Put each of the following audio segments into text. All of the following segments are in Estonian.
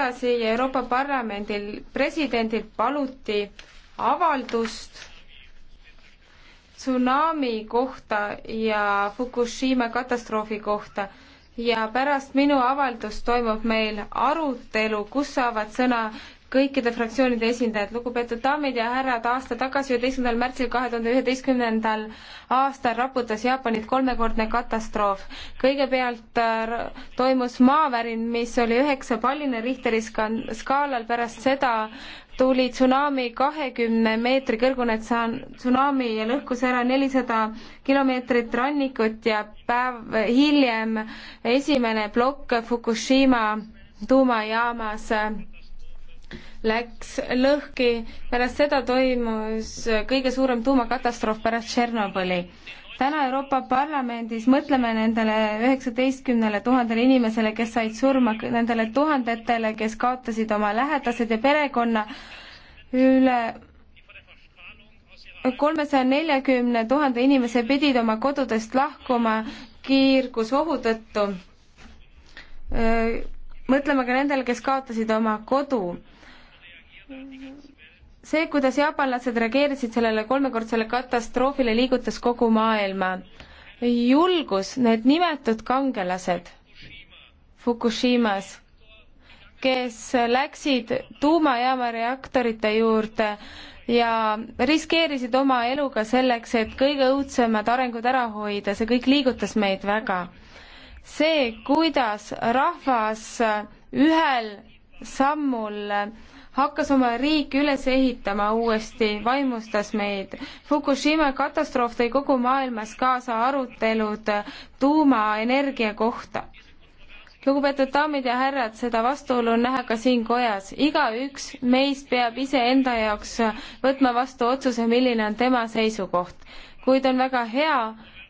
edasi ja Euroopa Parlamendil presidendilt paluti avaldust tsunami kohta ja Fukushima katastroofi kohta ja pärast minu avaldust toimub meil arutelu, kus saavad sõna kõikide fraktsioonide esindajad, lugupeetud daamid ja härrad, aasta tagasi, üheteistkümnendal märtsil kahe tuhande üheteistkümnendal aastal raputas Jaapanit kolmekordne katastroof. kõigepealt äh, toimus maavärin, mis oli üheksapalline Richteri skaalal, pärast seda tuli tsunami kahekümne meetri kõrgune tsunami ja lõhkus ära nelisada kilomeetrit rannikut ja päev hiljem esimene plokk Fukushima tuumajaamas läks lõhki, pärast seda toimus kõige suurem tuumakatastroof pärast Tšernobõli. täna Euroopa Parlamendis mõtleme nendele üheksateistkümnele tuhandele inimesele, kes said surma, nendele tuhandetele, kes kaotasid oma lähedased ja perekonna üle kolmesaja neljakümne tuhande inimese pidid oma kodudest lahkuma kiirgusohu tõttu. mõtleme ka nendele, kes kaotasid oma kodu see, kuidas jaapanlased reageerisid sellele kolmekordsele katastroofile, liigutas kogu maailma. julgus need nimetud kangelased Fukushimas, kes läksid tuumajaama reaktorite juurde ja riskeerisid oma eluga selleks, et kõige õudsemad arengud ära hoida, see kõik liigutas meid väga. see, kuidas rahvas ühel sammul äh, hakkas oma riiki üles ehitama uuesti, vaimustas meid. Fukushima katastroof tõi kogu maailmas kaasa arutelud tuumaenergia kohta lugupeetud daamid ja härrad, seda vastuolu on näha ka siin kojas. igaüks meist peab iseenda jaoks võtma vastu otsuse, milline on tema seisukoht. kuid on väga hea,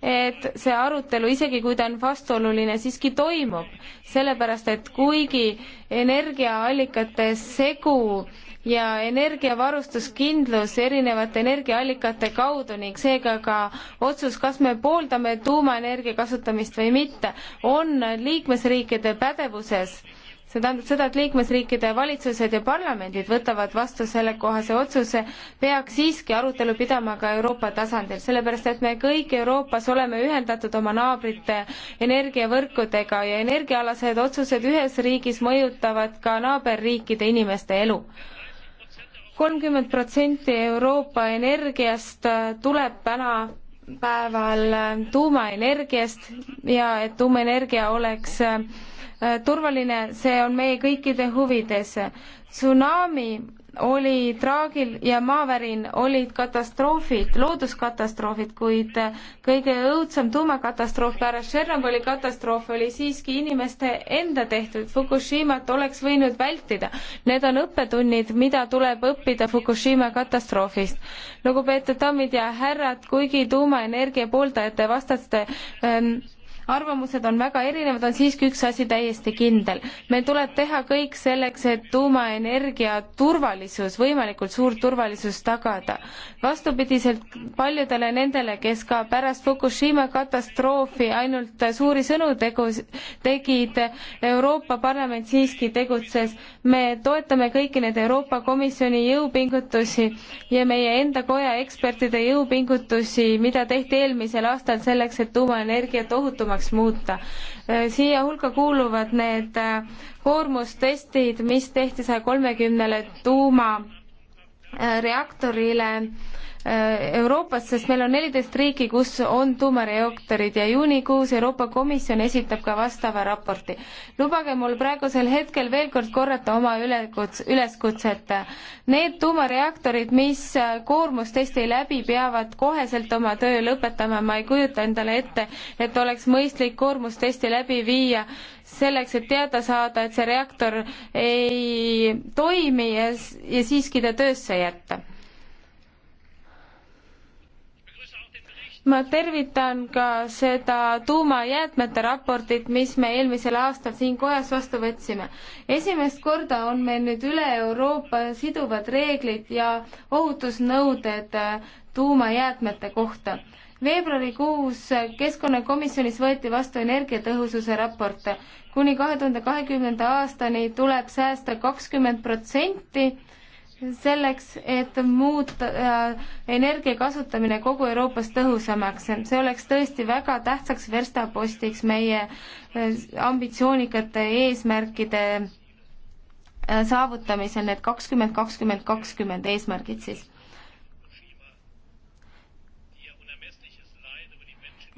et see arutelu, isegi kui ta on vastuoluline, siiski toimub, sellepärast et kuigi energiaallikate segu ja energiavarustuskindlus erinevate energiaallikate kaudu ning seega ka otsus, kas me pooldame tuumaenergia kasutamist või mitte, on liikmesriikide pädevuses see tähendab seda, et liikmesriikide valitsused ja parlamendid võtavad vastu sellekohase otsuse, peaks siiski arutelu pidama ka Euroopa tasandil, sellepärast et me kõik Euroopas oleme ühendatud oma naabrite energiavõrkudega ja energiaalased otsused ühes riigis mõjutavad ka naaberriikide inimeste elu kolmkümmend protsenti Euroopa energiast tuleb tänapäeval tuumaenergiast ja et tuumaenergia oleks Äh, turvaline, see on meie kõikide huvides. tsunami oli traagil ja maavärin olid katastroofid, looduskatastroofid, kuid äh, kõige õudsem tuumakatastroof pärast Tšernobõli katastroofi oli siiski inimeste enda tehtud. Fukushimat oleks võinud vältida. Need on õppetunnid, mida tuleb õppida Fukushima katastroofist. lugupeetud daamid ja härrad, kuigi tuumaenergia pooldajate vastasite ähm, arvamused on väga erinevad, on siiski üks asi täiesti kindel. meil tuleb teha kõik selleks, et tuumaenergia turvalisus, võimalikult suur turvalisus tagada. vastupidiselt paljudele nendele, kes ka pärast Fukushima katastroofi ainult suuri sõnu tegus, tegid, Euroopa Parlament siiski tegutses. me toetame kõiki neid Euroopa Komisjoni jõupingutusi ja meie enda koja ekspertide jõupingutusi, mida tehti eelmisel aastal selleks, et tuumaenergia tohutumaks tõhusamaks muuta. Äh, siia hulka kuuluvad need äh, koormustestid, mis tehti saja kolmekümnele tuumareaktorile äh, Äh, Euroopas, sest meil on neliteist riiki, kus on tuumareaktorid ja juunikuus Euroopa Komisjon esitab ka vastava raporti. lubage mul praegusel hetkel veel kord korrata oma ülekuts-, üleskutset. Need tuumareaktorid, mis äh, koormustesti läbi, peavad koheselt oma töö lõpetama, ma ei kujuta endale ette, et oleks mõistlik koormustesti läbi viia selleks, et teada saada, et see reaktor ei toimi ja, ja siiski ta töösse jätta ma tervitan ka seda tuumajäätmete raportit, mis me eelmisel aastal siin kojas vastu võtsime. esimest korda on meil nüüd üle Euroopa siduvad reeglid ja ohutusnõuded äh, tuumajäätmete kohta. veebruarikuus Keskkonnakomisjonis võeti vastu energiatõhususe raport. kuni kahe tuhande kahekümnenda aastani tuleb säästa kakskümmend protsenti selleks, et muuta äh, energia kasutamine kogu Euroopas tõhusamaks. see oleks tõesti väga tähtsaks verstapostiks meie äh, ambitsioonikate eesmärkide äh, saavutamisel, need kakskümmend, kakskümmend, kakskümmend eesmärgid siis.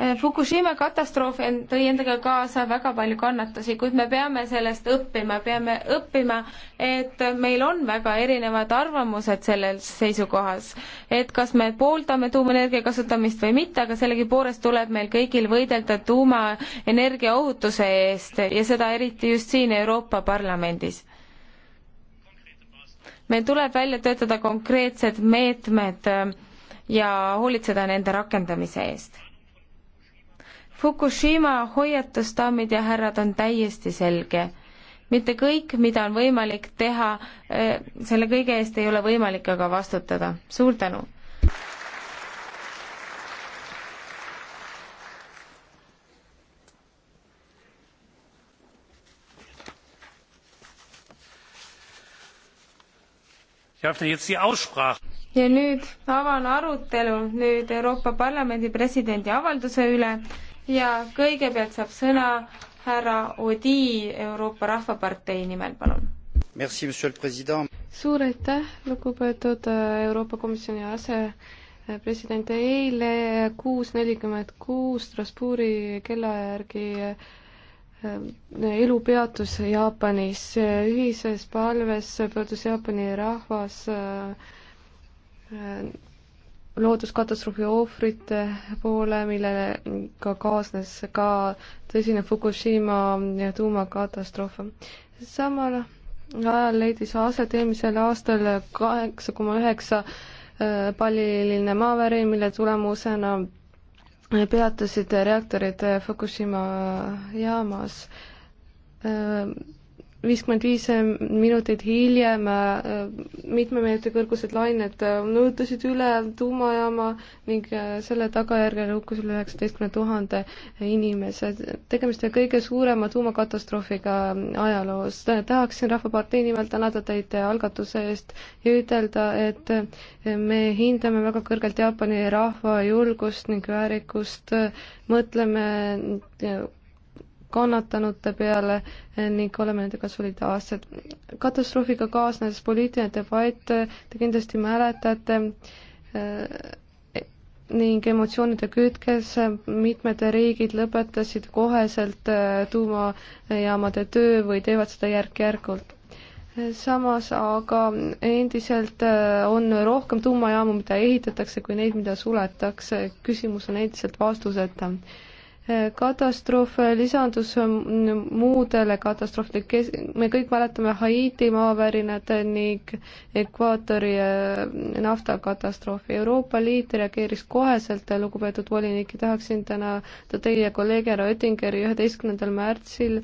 Äh, Fukushima katastroof tõi endaga kaasa väga palju kannatusi, kuid me peame sellest õppima, peame õppima, et meil on väga erinevad arvamused selles seisukohas. et kas me pooldame tuumaenergia kasutamist või mitte, aga sellegipoolest tuleb meil kõigil võidelda tuumaenergia ohutuse eest ja seda eriti just siin Euroopa Parlamendis meil tuleb välja töötada konkreetsed meetmed äh, ja hoolitseda nende rakendamise eest Fukushima hoiatus, daamid ja härrad, on täiesti selge. mitte kõik, mida on võimalik teha, eh, selle kõige eest ei ole võimalik aga vastutada. suur tänu! ja nüüd avan arutelu nüüd Euroopa Parlamendi presidendi avalduse üle ja kõigepealt saab sõna härra Odi Euroopa Rahvapartei nimel, palun. suur aitäh, lugupeetud äh, Euroopa Komisjoni asepresident, eile kuus nelikümmend kuus Strasbourgi kella järgi äh, elu peatus Jaapanis, ühises palves pöördus Jaapani rahvas äh, looduskatastroofi ohvrite poole, millele ka kaasnes ka tõsine Fukushima tuumakatastroof. samal ajal leidis aset eelmisel aastal kaheksa koma üheksa äh, palliline maavärin, mille tulemusena peatusid reaktorid Fukushima jaamas äh, viiskümmend viis minutit hiljem äh, mitme meetri kõrgused lained äh, nõutasid üle tuumajaama ning äh, selle tagajärjel hukkus üle üheksateistkümne tuhande inimese. tegemist on kõige suurema tuumakatastroofiga ajaloos. tahaksin Rahvapartei nimel tänada teid algatuse eest ja ütelda, et me hindame väga kõrgelt Jaapani rahva julgust ning väärikust, mõtleme kannatanute peale ning oleme nendega solidaarsed. katastroofiga kaasnes poliitiline debatt, te kindlasti mäletate, eh, ning emotsioonide kütkes mitmed riigid lõpetasid koheselt eh, tuumajaamade töö või teevad seda järk-järgult samas aga endiselt eh, on rohkem tuumajaamu, mida ehitatakse, kui neid, mida suletakse. küsimus on endiselt vastuseta katastroof lisandus muudele katastroofidele, me kõik mäletame Haiti maavärinat ning ekvaatori äh, naftakatastroofi. Euroopa Liit reageeris koheselt, lugupeetud volinik, ja tahaksin tänada teie kolleegi härra Oettingeri üheteistkümnendal märtsil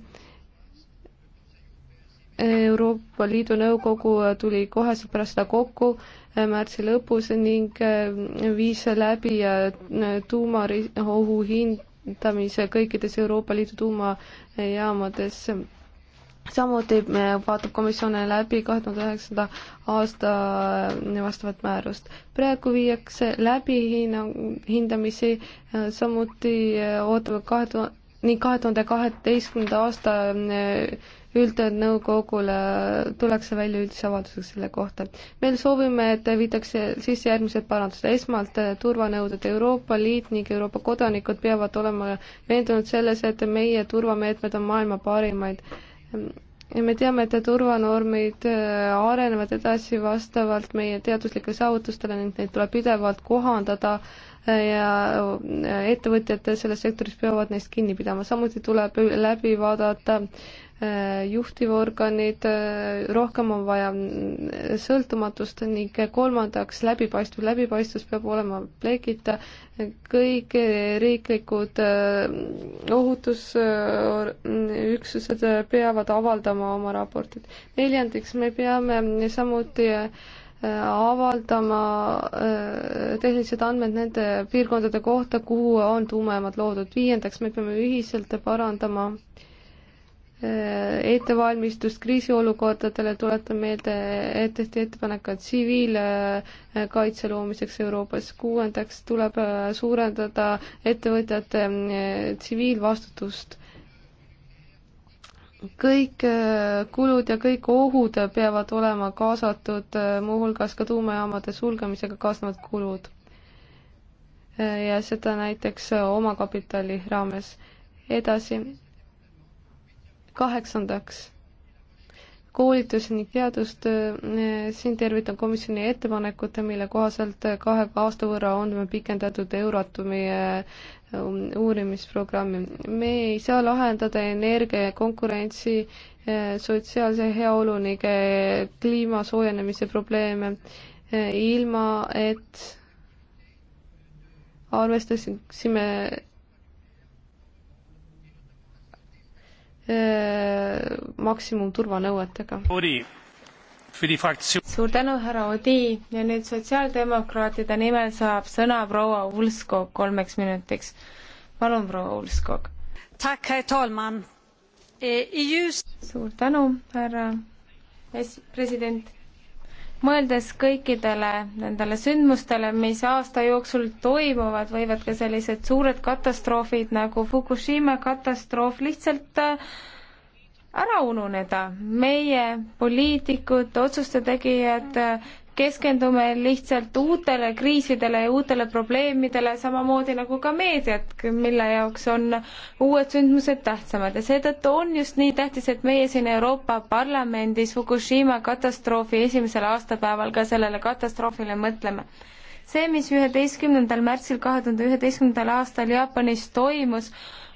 Euroopa Liidu Nõukogu tuli koheselt pärast seda kokku äh, märtsi lõpus ning äh, viis läbi tuumaohu hind tamise kõikides Euroopa Liidu tuumajaamades. samuti eh, vaatab komisjon läbi kahe tuhande üheksanda aasta eh, vastavat määrust. praegu viiakse läbi hinnang, hindamisi, eh, samuti ootame kahe tuhande, nii kahe tuhande kaheteistkümnenda aasta üldnõukogule tullakse välja üldise avaldusega selle kohta. meil soovime, et viidakse sisse järgmised parandused. esmalt eh, turvanõuded. Euroopa Liit ning Euroopa kodanikud peavad olema veendunud selles, et meie turvameetmed on maailma parimaid. ja me teame, et turvanormid eh, arenevad edasi vastavalt meie teaduslikele saavutustele ning neid tuleb pidevalt kohandada eh, ja ettevõtjad selles sektoris peavad neist kinni pidama. samuti tuleb läbi vaadata äh, Äh, juhtivorganid, äh, rohkem on vaja mm, sõltumatust ning kolmandaks läbipaistvus, läbipaistvus peab olema plegita, kõik riiklikud äh, ohutusüksused peavad avaldama oma raportid. neljandaks, me peame samuti avaldama tehnilised andmed nende piirkondade kohta, kuhu on tuumajäämad loodud. viiendaks, me peame ühiselt parandama äh, Äh, ettevalmistust kriisiolukordadele, tuletan meelde, et tehti ettepanek ka tsiviilkaitse äh, loomiseks Euroopas. kuuendaks tuleb äh, suurendada ettevõtjate tsiviilvastutust. kõik kulud ja kõik ohud peavad olema kaasatud, muuhulgas ka tuumajaamade sulgemisega kaasnevad kulud. ja seda näiteks omakapitali raames. edasi kaheksandaks, koolitus ning teadustöö, siin tervitan komisjoni ettepanekut, mille kohaselt kahe aasta võrra on pikendatud Euratomi eh, um, uurimisprogrammi. me ei saa lahendada energia konkurentsi eh, sotsiaalse heaolu ning eh, kliima soojenemise probleeme ilma, et arvestaksime maksimumturvanõuetega. suur tänu, härra Odi ja nüüd sotsiaaldemokraatide nimel saab sõna proua Ulskog kolmeks minutiks. palun, proua Ulskog. Eh, suur tänu, härra es-, president mõeldes kõikidele nendele sündmustele, mis aasta jooksul toimuvad, võivad ka sellised suured katastroofid nagu Fukushima katastroof lihtsalt äh, ära ununeda. meie poliitikud, otsuste tegijad keskendume lihtsalt uutele kriisidele ja uutele probleemidele, samamoodi nagu ka meediat, mille jaoks on uued sündmused tähtsamad ja seetõttu on just nii tähtis, et meie siin Euroopa Parlamendis Fukushima katastroofi esimesel aastapäeval ka sellele katastroofile mõtleme. see, mis üheteistkümnendal märtsil kahe tuhande üheteistkümnendal aastal Jaapanis toimus,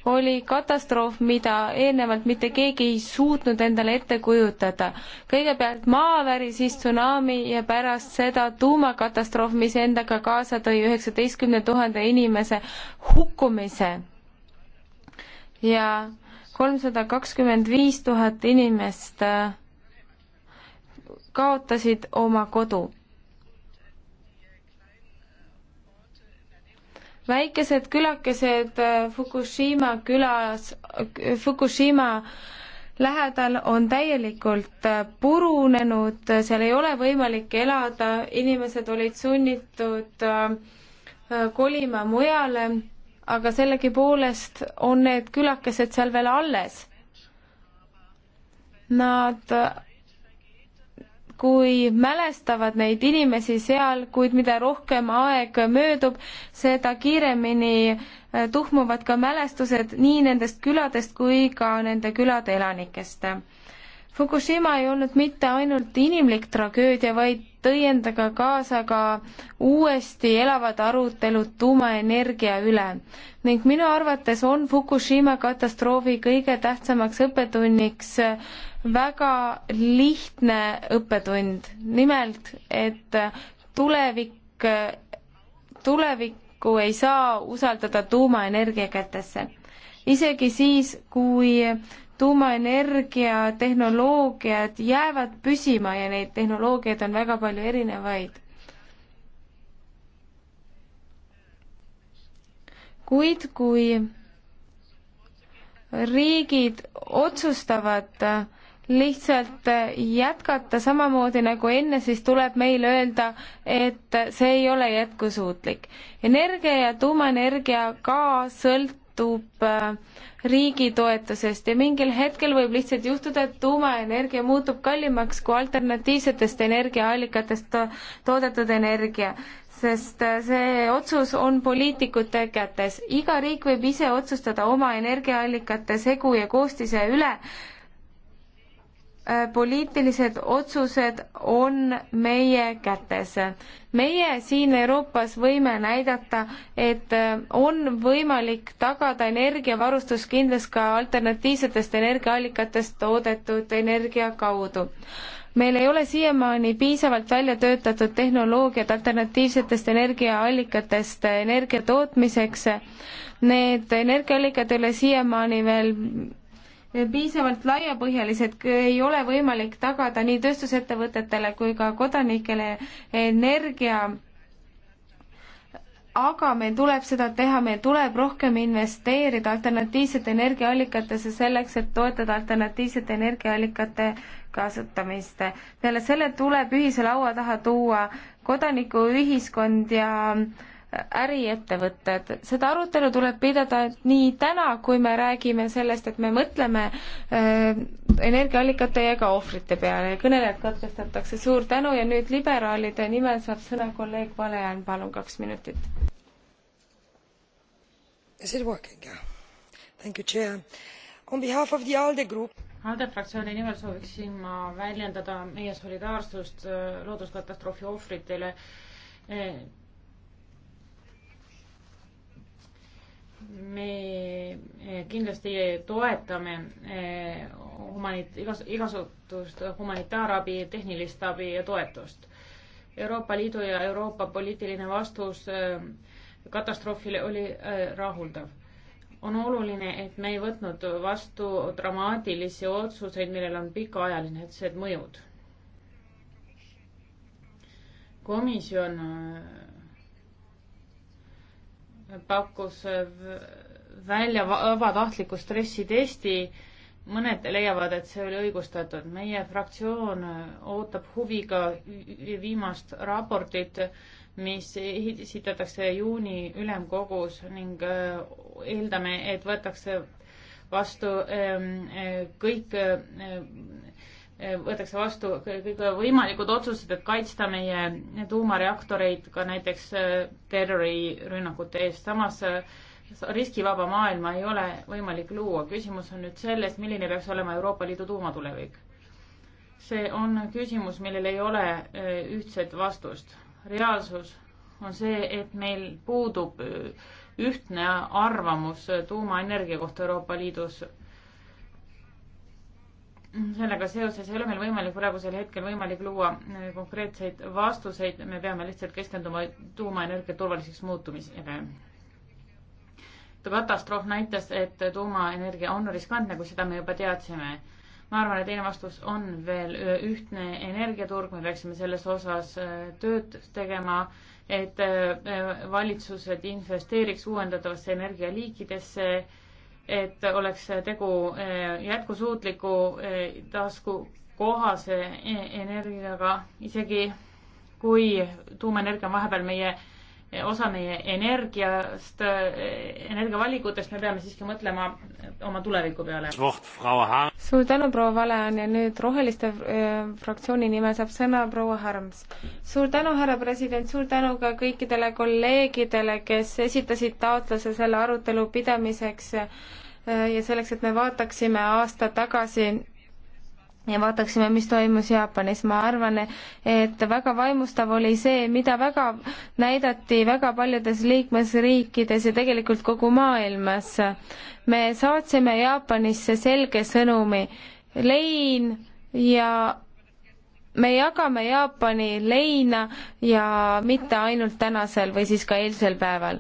oli katastroof, mida eelnevalt mitte keegi ei suutnud endale ette kujutada. kõigepealt maaväri, siis tsunami ja pärast seda tuumakatastroof, mis endaga kaasa tõi üheksateistkümne tuhande inimese hukkumise. ja kolmsada kakskümmend viis tuhat inimest äh, kaotasid oma kodu väikesed külakesed äh, Fukushima külas, äh, Fukushima lähedal on täielikult äh, purunenud, seal ei ole võimalik elada, inimesed olid sunnitud kolima mujale, aga sellegipoolest on need külakesed seal veel alles. Nad kui mälestavad neid inimesi seal, kuid mida rohkem aeg möödub, seda kiiremini äh, tuhmuvad ka mälestused nii nendest küladest kui ka nende külade elanikest Fukushima ei olnud mitte ainult inimlik tragöödia, vaid tõi endaga kaasa ka uuesti elavad arutelud tuumaenergia üle ning minu arvates on Fukushima katastroofi kõige tähtsamaks õppetunniks väga lihtne õppetund, nimelt et tulevik, tulevikku ei saa usaldada tuumaenergia kätesse isegi siis, kui tuumaenergia tehnoloogiad jäävad püsima ja neid tehnoloogiaid on väga palju erinevaid. kuid kui riigid otsustavad lihtsalt jätkata samamoodi nagu enne, siis tuleb meil öelda, et see ei ole jätkusuutlik. energia ja tuumaenergia ka sõlt-, sõltub äh, riigi toetusest ja mingil hetkel võib lihtsalt juhtuda, et tuumaenergia muutub kallimaks kui alternatiivsetest energiaallikatest toodetud energia, sest äh, see otsus on poliitikute kätes. iga riik võib ise otsustada oma energiaallikate segu ja koostise üle Äh, poliitilised otsused on meie kätes. meie siin Euroopas võime näidata, et äh, on võimalik tagada energiavarustuskindlus ka alternatiivsetest energiaallikatest toodetud energia kaudu meil ei ole siiamaani piisavalt välja töötatud tehnoloogiat alternatiivsetest energiaallikatest energia tootmiseks. Need energiaallikad ei ole siiamaani veel piisavalt laiapõhjalised, ei ole võimalik tagada nii tööstusettevõtetele kui ka kodanikele energia aga meil tuleb seda teha, meil tuleb rohkem investeerida alternatiivsete energiaallikatesse selleks, et toetada alternatiivsete energiaallikate kasutamist. peale selle tuleb ühise laua taha tuua kodanikuühiskond ja äh, äriettevõtted. seda arutelu tuleb pidada nii täna, kui me räägime sellest, et me mõtleme äh, energiaallikate ja ka ohvrite peale ja kõnelejad katkestatakse. suur tänu ja nüüd liberaalide nimel saab sõna kolleeg Valean, palun kaks minutit. Is it working? Yeah. Thank you, Chair. On behalf of the ALDE group ALDE fraktsiooni nimel sooviksin ma väljendada meie solidaarsust äh, looduskatastroofi ohvritele äh, me eh, kindlasti toetame eh, humanit-, igas-, igasugust humanitaarabi, tehnilist abi ja toetust. Euroopa Liidu ja Euroopa poliitiline vastus eh, katastroofile oli rahuldav. on oluline, et me ei võtnud vastu dramaatilisi otsuseid, millel on pikaajalised mõjud. komisjon pakkus välja vabatahtliku stressitesti. mõned leiavad, et see oli õigustatud. meie fraktsioon ootab huviga viimast raportit, mis esitatakse juuni ülemkogus ning äh, eeldame, et võetakse vastu ähm, äh, kõik äh, võetakse vastu kõikvõimalikud otsused, et kaitsta meie tuumareaktoreid ka näiteks äh, terrorirünnakute eest. samas äh, riskivaba maailma ei ole võimalik luua. küsimus on nüüd selles, milline peaks olema Euroopa Liidu tuumatulevik. see on küsimus, millel ei ole äh, ühtset vastust. reaalsus on see, et meil puudub ühtne arvamus tuumaenergia kohta Euroopa Liidus sellega seoses ei ole meil võimalik praegusel hetkel võimalik luua äh, konkreetseid vastuseid, me peame lihtsalt keskenduma tuumaenergia turvaliseks muutumisele. katastroof näitas, et tuumaenergia on riskantne, kui seda me juba teadsime. ma arvan, et teine vastus on veel äh, ühtne energiaturg, me peaksime selles osas äh, tööd tegema, et valitsused investeeriks uuendatavasse energialiikidesse et oleks tegu eh, jätkusuutliku eh, taskukohase eh, energiaga, isegi kui tuumaenergia on vahepeal meie osa meie energiast, energiavalikutest, me peame siiski mõtlema oma tuleviku peale. suur tänu, proua Valean ja nüüd Roheliste äh, fraktsiooni nimel saab sõna proua Harms. suur tänu, härra president, suur tänu ka kõikidele kolleegidele, kes esitasid taotluse selle arutelu pidamiseks äh, ja selleks, et me vaataksime aasta tagasi ja vaataksime, mis toimus Jaapanis. ma arvan, et väga vaimustav oli see, mida väga näidati väga paljudes liikmesriikides ja tegelikult kogu maailmas. me saatsime Jaapanisse selge sõnumi, lein ja me jagame Jaapani leina ja mitte ainult tänasel või siis ka eilsel päeval.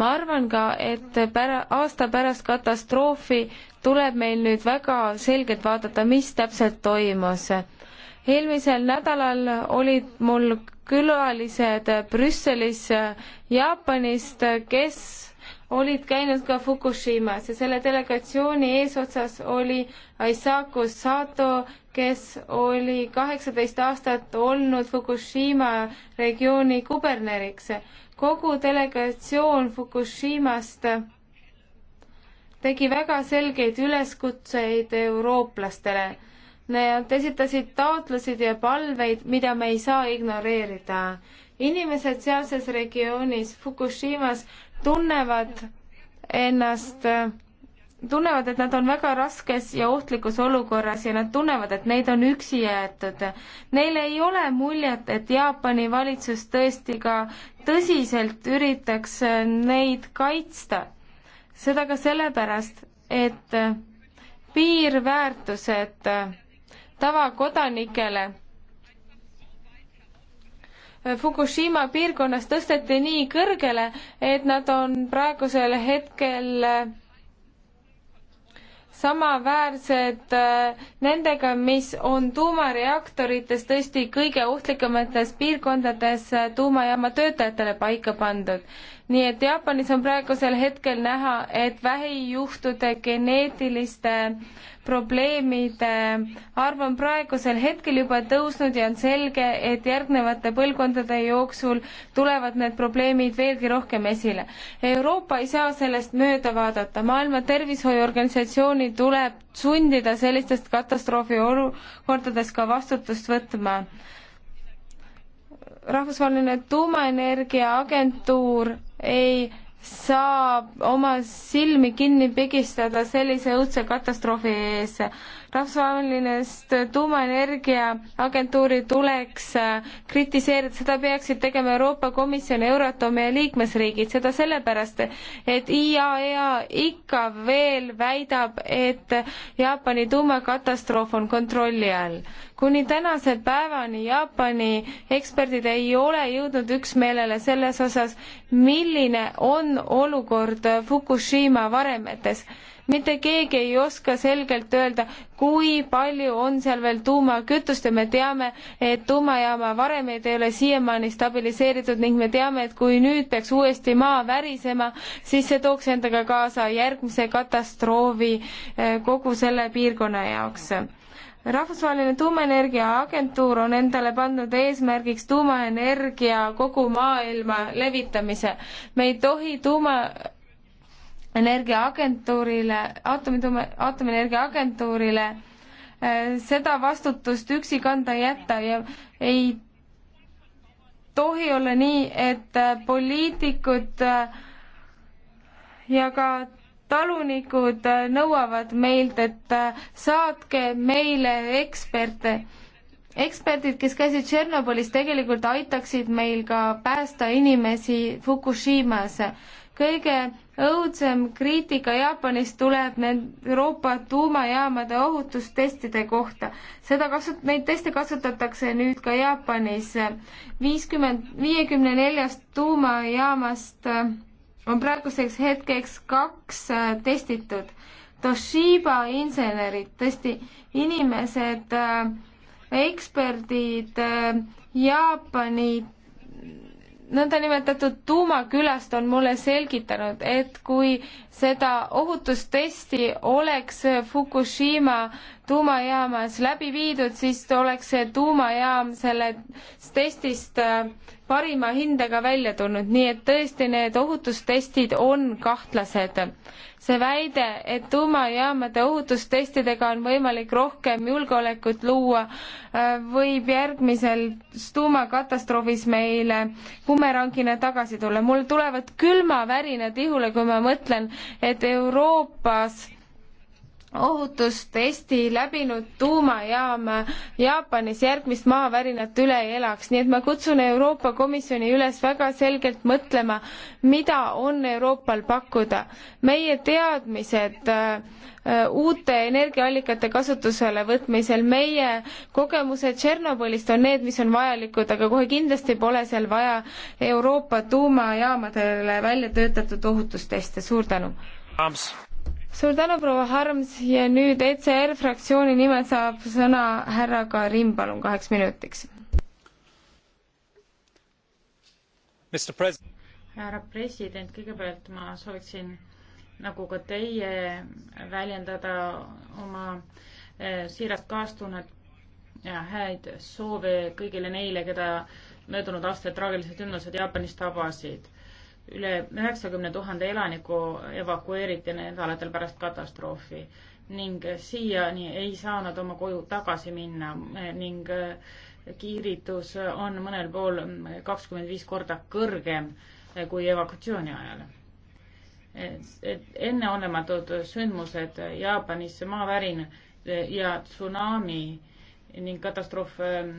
ma arvan ka, et pära-, aasta pärast katastroofi tuleb meil nüüd väga selgelt vaadata, mis täpselt toimus. eelmisel nädalal olid mul külalised Brüsselis Jaapanist, kes olid käinud ka Fukushimas ja selle delegatsiooni eesotsas oli Aisaku Sato, kes oli kaheksateist aastat olnud Fukushima regiooni kuberneriks. kogu delegatsioon Fukushimast tegi väga selgeid üleskutseid eurooplastele. Nad esitasid taotlusid ja palveid, mida me ei saa ignoreerida. inimesed sealses regioonis Fukushimas tunnevad ennast tunnevad, et nad on väga raskes ja ohtlikus olukorras ja nad tunnevad, et neid on üksi jäetud. Neil ei ole muljet, et Jaapani valitsus tõesti ka tõsiselt üritaks neid kaitsta. seda ka sellepärast, et piirväärtused tavakodanikele Fukushima piirkonnas tõsteti nii kõrgele, et nad on praegusel hetkel äh, samaväärsed äh, nendega, mis on tuumareaktorites tõesti kõige ohtlikemates piirkondades äh, tuumajaama töötajatele paika pandud nii et Jaapanis on praegusel hetkel näha, et vähijuhtude geneetiliste probleemide arv on praegusel hetkel juba tõusnud ja on selge, et järgnevate põlvkondade jooksul tulevad need probleemid veelgi rohkem esile. Euroopa ei saa sellest mööda vaadata, Maailma Tervishoiuorganisatsiooni tuleb sundida sellistest katastroofi olukordades ka vastutust võtma rahvusvaheline tuumaenergia agentuur ei saa oma silmi kinni pigistada sellise õudse katastroofi ees rahvusvahelist tuumaenergiaagentuuri tuleks äh, kritiseerida, seda peaksid tegema Euroopa Komisjon, Euratom ja liikmesriigid, seda sellepärast, et IAEA ikka veel väidab, et Jaapani tuumakatastroof on kontrolli all. kuni tänase päevani Jaapani eksperdid ei ole jõudnud üksmeelele selles osas, milline on olukord Fukushima varemetes mitte keegi ei oska selgelt öelda, kui palju on seal veel tuumakütust ja me teame, et tuumajaama varemeid ei ole siiamaani stabiliseeritud ning me teame, et kui nüüd peaks uuesti maa värisema, siis see tooks endaga kaasa järgmise katastroofi eh, kogu selle piirkonna jaoks rahvusvaheline tuumaenergia agentuur on endale pandud eesmärgiks tuumaenergia kogu maailma levitamise. me ei tohi tuuma energiaagentuurile, aatomituume, aatomienergiaagentuurile äh, seda vastutust üksi kanda ei jäta ja ei tohi olla nii, et äh, poliitikud äh, ja ka talunikud nõuavad meilt, et saatke meile eksperte. eksperdid, kes käisid Tšernobõlis, tegelikult aitaksid meil ka päästa inimesi Fukushimas kõige õudsem kriitika Jaapanist tuleb need Euroopa tuumajaamade ohutustestide kohta. seda kasut-, neid teste kasutatakse nüüd ka Jaapanis. viiskümmend, viiekümne neljast tuumajaamast äh, on praeguseks hetkeks kaks äh, testitud. Toshiba insenerid, tõesti inimesed, äh, eksperdid, Jaapani nõndanimetatud tuumakülast on mulle selgitanud, et kui seda ohutustesti oleks Fukushima tuumajaamas läbi viidud, siis oleks see tuumajaam sellest testist äh, parima hindega välja tulnud, nii et tõesti need ohutustestid on kahtlased. see väide, et tuumajaamade ohutustestidega on võimalik rohkem julgeolekut luua, äh, võib järgmises tuumakatastroofis meile bumerangina tagasi tulla. mul tulevad külmavärinad ihule, kui ma mõtlen, et Euroopas ohutustesti läbinud tuumajaam Jaapanis järgmist maavärinat üle ei elaks, nii et ma kutsun Euroopa Komisjoni üles väga selgelt mõtlema, mida on Euroopal pakkuda. meie teadmised äh, uute energiaallikate kasutusele võtmisel, meie kogemused Tšernobõlist on need, mis on vajalikud, aga kohe kindlasti pole seal vaja Euroopa tuumajaamadele välja töötatud ohutusteste, suur tänu! suur tänu, proua Harms ja nüüd ECR fraktsiooni nimel saab sõna härra Karim, palun kaheks minutiks. härra president, kõigepealt ma sooviksin nagu ka teie väljendada oma eh, siirast kaastunnet ja häid soove kõigile neile, keda möödunud aasta traagilised sündmused Jaapanis tabasid üle üheksakümne tuhande elaniku evakueeriti nädalatel pärast katastroofi ning siiani ei saa nad oma koju tagasi minna ning eh, kiiritus on mõnel pool kakskümmend viis korda kõrgem eh, kui evakuatsiooni ajal. Eh, enneolematud sündmused Jaapanis, maavärin ja tsunami ning katastroof ähm,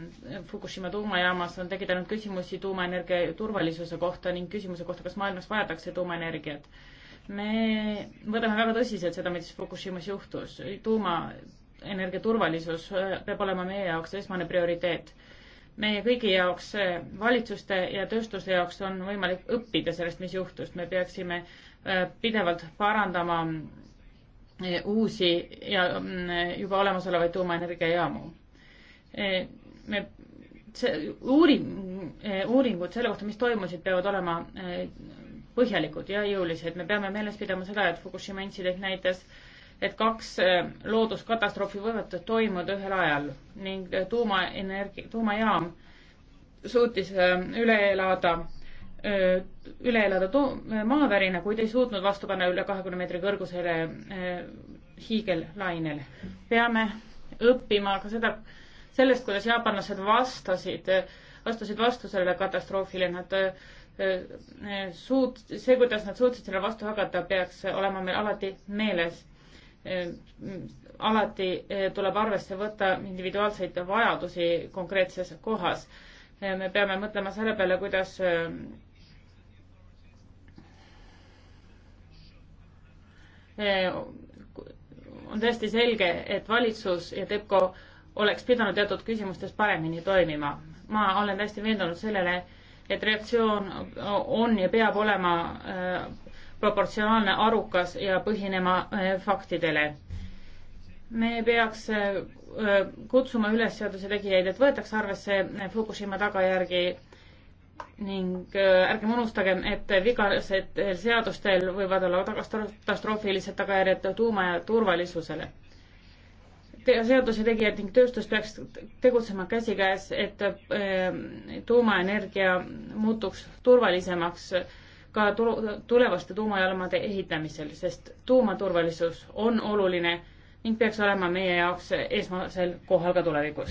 Fukushima tuumajaamas on tekitanud küsimusi tuumaenergia turvalisuse kohta ning küsimuse kohta, kas maailmas vajatakse tuumaenergiat. me võtame väga tõsiselt seda, mis Fukushimas juhtus. tuumaenergia turvalisus äh, peab olema meie jaoks esmane prioriteet. meie kõigi jaoks, äh, valitsuste ja tööstuse jaoks on võimalik õppida sellest, mis juhtus. me peaksime äh, pidevalt parandama uusi ja mm, juba olemasolevaid tuumaenergiajaamu Eh, me, see uuring, eh, uuringud selle kohta, mis toimusid, peavad olema eh, põhjalikud ja jõulised. me peame meeles pidama seda, et Fukushima intsident näitas, et kaks looduskatastroofi võivad toimuda ühel ajal ning tuumaenergia, tuumajaam suutis üle elada, üle elada tu-, maavärina, kuid ei suutnud vastu panna üle kahekümne meetri kõrgusele hiigellainele. peame õppima ka seda, sellest, kuidas jaapanlased vastasid, astusid vastu sellele katastroofile, nad eh, suut-, see, kuidas nad suutsid selle vastu hakata, peaks olema meil alati meeles. Eh, alati eh, tuleb arvesse võtta individuaalseid vajadusi konkreetses kohas. me peame mõtlema selle peale, kuidas on täiesti selge, et valitsus ja TEPCO oleks pidanud teatud küsimustes paremini toimima. ma olen täiesti veendunud sellele, et reaktsioon on ja peab olema äh, proportsionaalne, arukas ja põhinema äh, faktidele. me peaks äh, kutsuma üles seaduse tegijaid, et võetakse arvesse Fukushima tagajärgi ning ärgem unustagem, et vigased seadustel võivad olla katastroofilised tagajärjed tuuma ja turvalisusele seaduse tegijad ning tööstus peaks tegutsema käsikäes, et ähm, tuumaenergia muutuks turvalisemaks ka tulevaste tuumajaamade ehitamisel, sest tuumaturvalisus on oluline ning peaks olema meie jaoks esmasel kohal ka tulevikus.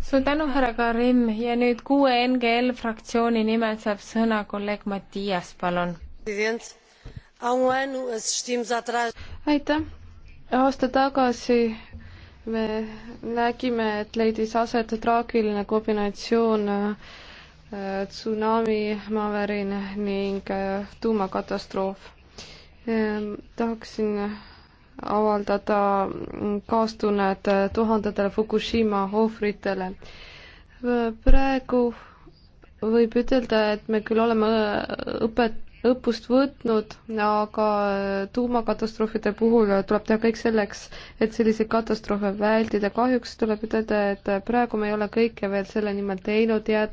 suur tänu, härra Karim ja nüüd kuue NGL fraktsiooni nimel saab sõna kolleeg Mattias, palun. Um aitäh aasta tagasi me nägime, et leidis aset traagiline kombinatsioon äh, tsunami, maavärin ning äh, tuumakatastroof. Ähm, tahaksin avaldada kaastunnet äh, tuhandetele Fukushima ohvritele. praegu võib ütelda, et me küll oleme õpet-, õppust võtnud, aga tuumakatastroofide puhul tuleb teha kõik selleks, et selliseid katastroofe vältida. kahjuks tuleb ütelda, et praegu me ei ole kõike veel selle nimel teinud ja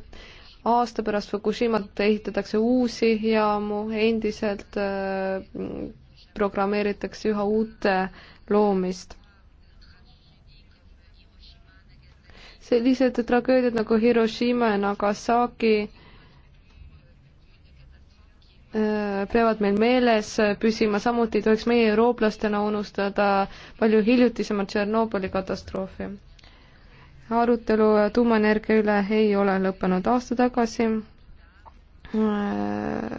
aasta pärast Fukushimat ehitatakse uusi jaamu, endiselt äh, programmeeritakse üha uute loomist. sellised tragöödiad nagu Hiroshima ja Nagasaki Äh, peavad meil meeles püsima, samuti ei tohiks meie eurooplastena unustada palju hiljutisema Tšernobõli katastroofi. arutelu tuumaenergia üle ei ole lõppenud aasta tagasi äh,.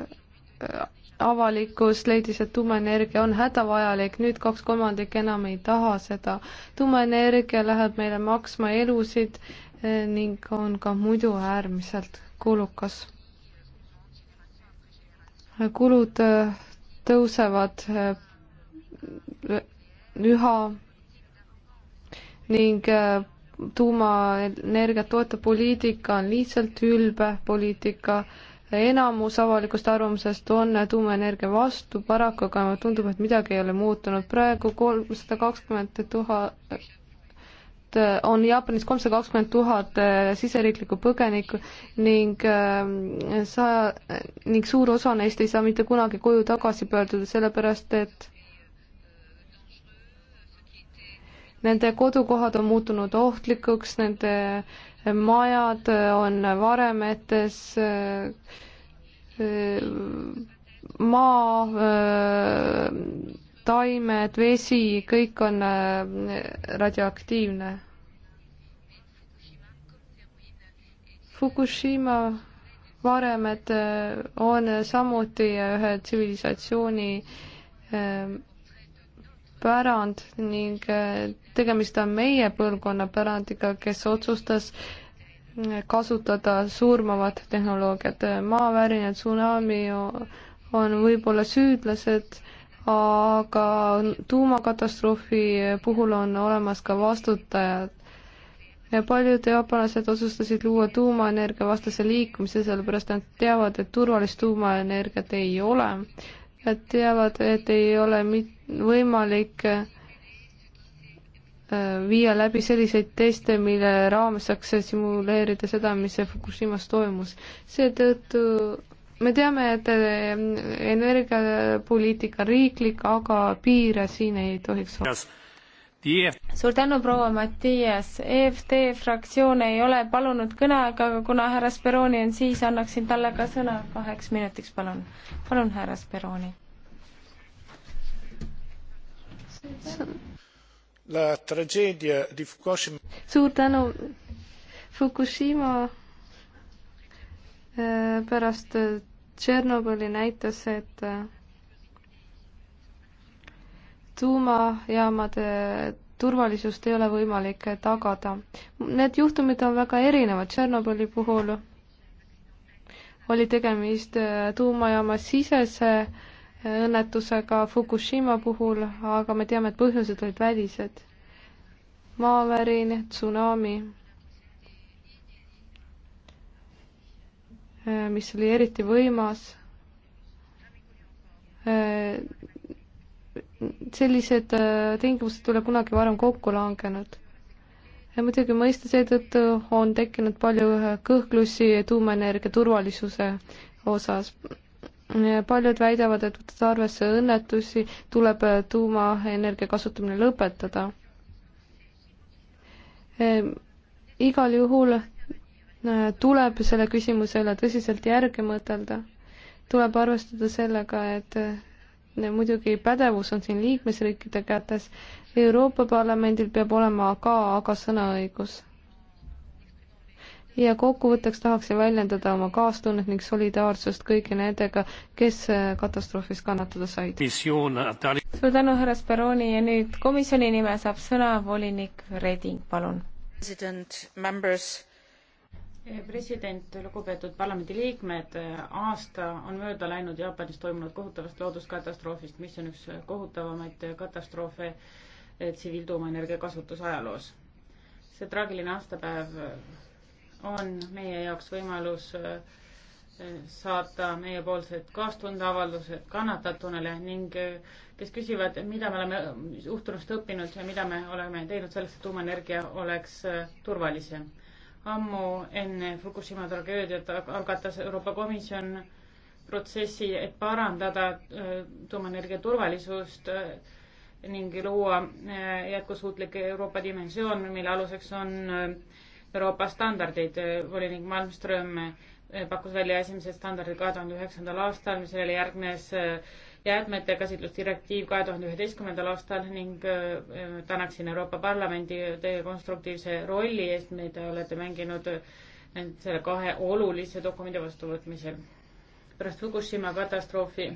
avalikkus leidis, et tuumaenergia on hädavajalik, nüüd kaks kolmandik enam ei taha seda. tuumaenergia läheb meile maksma elusid äh, ning on ka muidu äärmiselt kulukas kulud äh, tõusevad äh, üha ning äh, tuumaenergiat toetav poliitika on lihtsalt ülbe poliitika. enamus avalikust arvamusest on tuumaenergia vastu, paraku aga tundub, et midagi ei ole muutunud. praegu kolmsada kakskümmend tuhat et äh, on Jaapanis kolmsada kakskümmend tuhat äh, siseriiklikku põgenikku ning ähm, saja, ning suur osa neist ei saa mitte kunagi koju tagasi pöörduda, sellepärast et nende kodukohad on muutunud ohtlikuks, nende majad on varemetes, äh, maa öö, taimed, vesi, kõik on äh, radioaktiivne. Fukushima varemed äh, on samuti äh, ühe tsivilisatsiooni pärand ning tegemist on meie põlvkonna pärandiga, kes otsustas kasutada surmavat tehnoloogiat. maavärinad, tsunami on võib-olla süüdlased aga tuumakatastroofi puhul on olemas ka vastutajad. paljud jaapanlased otsustasid luua tuumaenergia vastase liikumise, sellepärast nad teavad, et turvalist tuumaenergiat ei ole. Nad teavad, et ei ole võimalik äh, viia läbi selliseid teste, mille raames saaks simuleerida seda, mis Fukushimas toimus. seetõttu me teame, et eh, energiapoliitika on riiklik, aga piire siin ei tohiks olla. suur tänu, proua Mattias. EFD fraktsioon ei ole palunud kõneaega, aga kuna härra Speroni on siis, annaksin talle ka sõna kaheks minutiks, palun. palun, härra Speroni. suur tänu. Fukushima Äh, pärast äh, Tšernobõli näitas, et äh, tuumajaamade turvalisust ei ole võimalik tagada. Need juhtumid on väga erinevad, Tšernobõli puhul oli tegemist tuumajaama sisese õnnetusega Fukushima puhul, aga me teame, et põhjused olid välised. maavärin, tsunami Äh, mis oli eriti võimas. Äh, sellised äh, tingimused pole kunagi varem kokku langenud. ja muidugi mõista seetõttu on tekkinud palju kõhklusi tuumaenergia turvalisuse osas. paljud väidavad, et võttes arvesse õnnetusi, tuleb tuumaenergia kasutamine lõpetada. igal juhul tuleb selle küsimuse üle tõsiselt järgi mõtelda. tuleb arvestada sellega, et eh, muidugi pädevus on siin liikmesriikide kätes, Euroopa Parlamendil peab olema ka aga sõnaõigus. ja kokkuvõtteks tahaksin väljendada oma kaastunnet ning solidaarsust kõigi nendega, kes eh, katastroofis kannatada said. Äh, suur tänu, härra Speroni ja nüüd komisjoni nimel saab sõna volinik Reding, palun. president, members president, lugupeetud parlamendiliikmed, aasta on mööda läinud Jaapanis toimunud kohutavast looduskatastroofist, mis on üks kohutavamaid katastroofe eh, tsiviiltuumaenergia kasutusajaloos. see traagiline aastapäev on meie jaoks võimalus eh, saata meiepoolsed kaastundavaldused kannatatunele ning eh, kes küsivad, mida me oleme juhtunust õppinud ja mida me oleme teinud selleks, et tuumaenergia oleks turvalisem ammu enne Fukushima tragöödiat algatas Euroopa Komisjon protsessi, et parandada äh, tuumaenergia turvalisust äh, ning luua äh, jätkusuutlik Euroopa dimensioon, mille aluseks on Euroopa standardid. volinik Malmström Eh, pakkus välja esimese standardi kahe tuhande üheksandal aastal, millele järgnes eh, jäätmete käsitlusdirektiiv kahe tuhande üheteistkümnendal aastal ning eh, tänaksin Euroopa Parlamendi teie konstruktiivse rolli eest, mida olete mänginud selle kahe olulise dokumendi vastuvõtmisel. pärast Fukushima katastroofi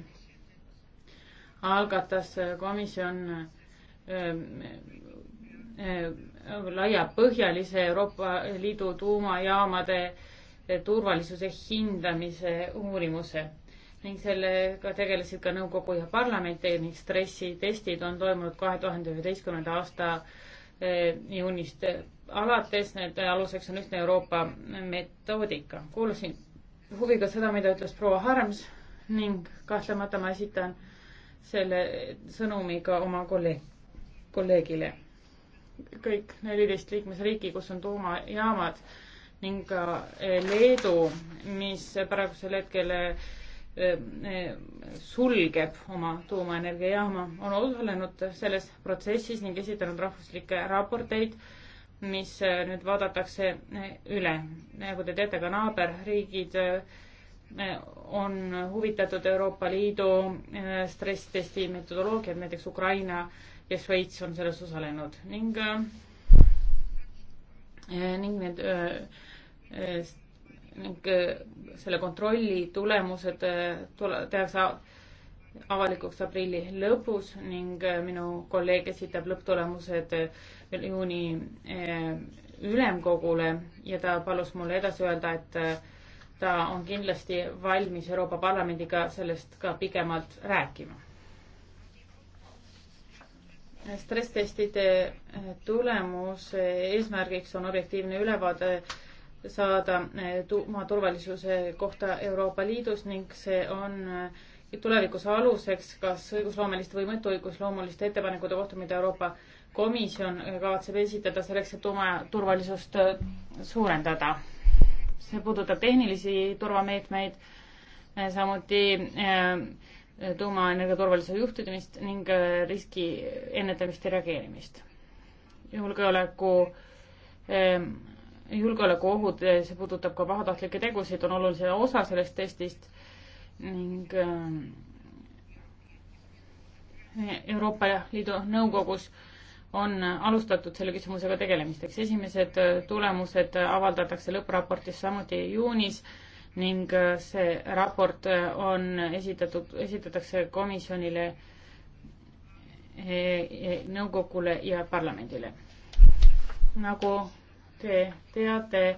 algatas komisjon laiapõhjalise Euroopa Liidu tuumajaamade öö, turvalisuse hindamise uurimuse ning sellega tegelesid ka nõukogu ja parlament ning stressitestid on toimunud kahe tuhande üheteistkümnenda aasta e, juunist alates, need aluseks on ühtne Euroopa metoodika. kuulasin huviga seda, mida ütles proua Harms ning kahtlemata ma esitan selle sõnumi ka oma kolleeg, kolleegile. kõik neliteist liikmesriiki, kus on tuumajaamad ning eh, Leedu, mis praegusel hetkel eh, eh, sulgeb oma tuumaenergiajaama, on osalenud selles protsessis ning esitanud rahvuslikke raporteid, mis nüüd vaadatakse üle. nagu te teate, ka naaberriigid on huvitatud Euroopa Liidu stress-testi metodoloogiat, näiteks Ukraina ja Šveits on selles osalenud ning ning need öö, ning eh, selle kontrolli tulemused eh, tehakse avalikuks aprilli lõpus ning eh, minu kolleeg esitab lõpptulemused juuni ülemkogule ja ta palus mulle edasi öelda, et ta on kindlasti valmis Euroopa Parlamendiga sellest ka pikemalt rääkima. stress-testide tulemuse eesmärgiks on objektiivne ülevaade saada eh, tuumaturvalisuse kohta Euroopa Liidus ning see on eh, tulevikus aluseks kas õigusloomeliste või mõtteõigusloomuliste ettepanekute kohta, mida Euroopa Komisjon eh, kavatseb esitada selleks, et tuumaturvalisust suurendada. see puudutab tehnilisi turvameetmeid, samuti tuumaenergia turvalisuse juhtimist ning riski ennetamist ja reageerimist. julgeoleku julgeolekuohud, see puudutab ka pahatahtlikke tegusid, on olulise osa sellest testist ning äh, Euroopa Liidu Nõukogus on alustatud selle küsimusega tegelemisteks. esimesed äh, tulemused avaldatakse lõppraportis samuti juunis ning äh, see raport on esitatud, esitatakse komisjonile, nõukogule ja parlamendile. nagu te teate,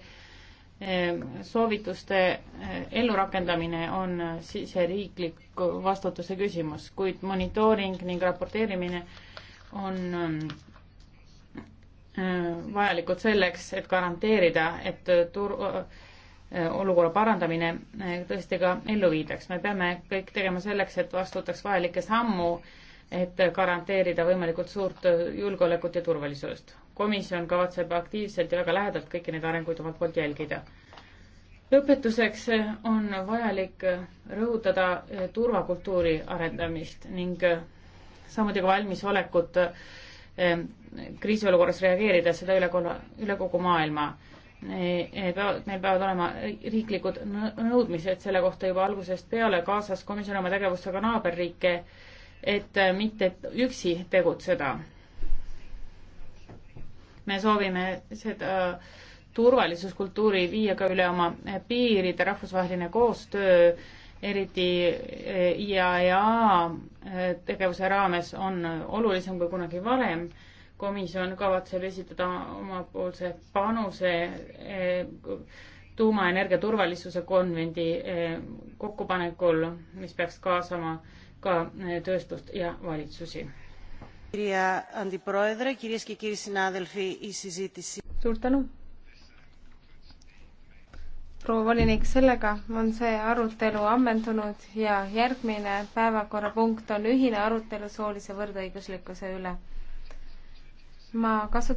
ehm, soovituste eh, ellurakendamine on siseriiklik vastutuse küsimus, kuid monitooring ning raporteerimine on ehm, vajalikud selleks, et garanteerida, et tur-, eh, olukorra parandamine eh, tõesti ka ellu viidaks. me peame kõik tegema selleks, et vastutaks vajalikke sammu et garanteerida võimalikult suurt julgeolekut ja turvalisust. komisjon kavatseb aktiivselt ja väga lähedalt kõiki neid arenguid omalt poolt jälgida. lõpetuseks on vajalik rõhutada turvakultuuri arendamist ning samuti ka valmisolekut ehm, kriisiolukorras reageerida, seda üle kogu, üle kogu maailma. Need peavad, meil peavad olema riiklikud nõudmised selle kohta juba algusest peale, kaasas komisjon oma tegevustega naaberriike äh, et äh, mitte üksi tegutseda. me soovime seda turvalisuskultuuri viia ka üle oma piiride, rahvusvaheline koostöö, eriti äh, IAEA e äh, tegevuse raames on olulisem kui kunagi varem. komisjon kavatseb esitada omapoolse panuse tuumaenergia turvalisuse konvendi kokkupanekul, mis peaks kaasama äh, ka eh, tööstust ja valitsusi. suur tänu. proua volinik, sellega on see arutelu ammendunud ja järgmine päevakorrapunkt on ühine arutelu soolise võrdõiguslikkuse üle. ma kasutan